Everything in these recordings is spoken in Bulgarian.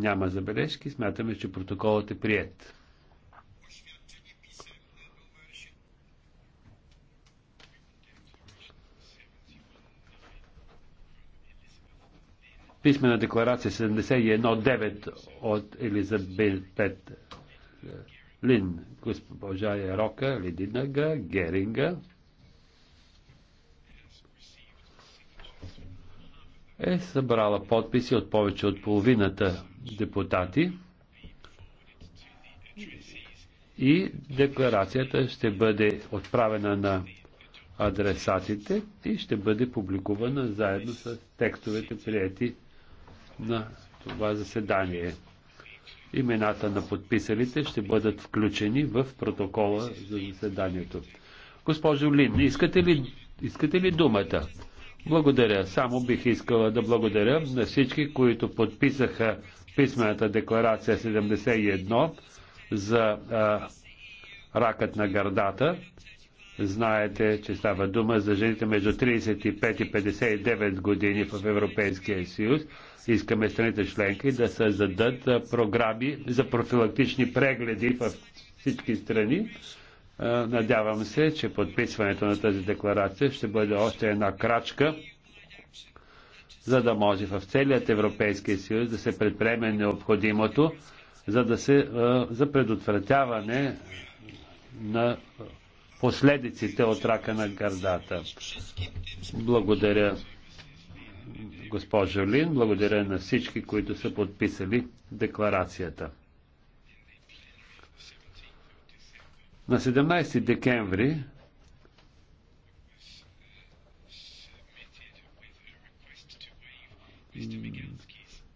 Няма забележки. Смятаме, че протоколът е прият. Писмена декларация 71.9 от Елизабет Лин, госпожа рока, Лидинага, Геринга. е събрала подписи от повече от половината депутати и декларацията ще бъде отправена на адресатите и ще бъде публикувана заедно с текстовете прияти на това заседание. Имената на подписалите ще бъдат включени в протокола за заседанието. Госпожо Лин, искате ли, искате ли думата? Благодаря. Само бих искала да благодаря на всички, които подписаха писмената декларация 71 за а, ракът на гърдата. Знаете, че става дума за жените между 35 и 59 години в Европейския съюз. Искаме страните членки да създадат програми за профилактични прегледи в всички страни е, надявам се, че подписването на тази декларация ще бъде още една крачка, за да може в целият Европейския съюз да се предприеме необходимото, за да се е, за предотвратяване на последиците от рака на гърдата. Благодаря, госпожо Лин, благодаря на всички, които са подписали декларацията. На 17 декември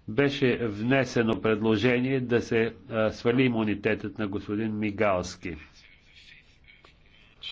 беше внесено предложение да се свали имунитетът на господин Мигалски.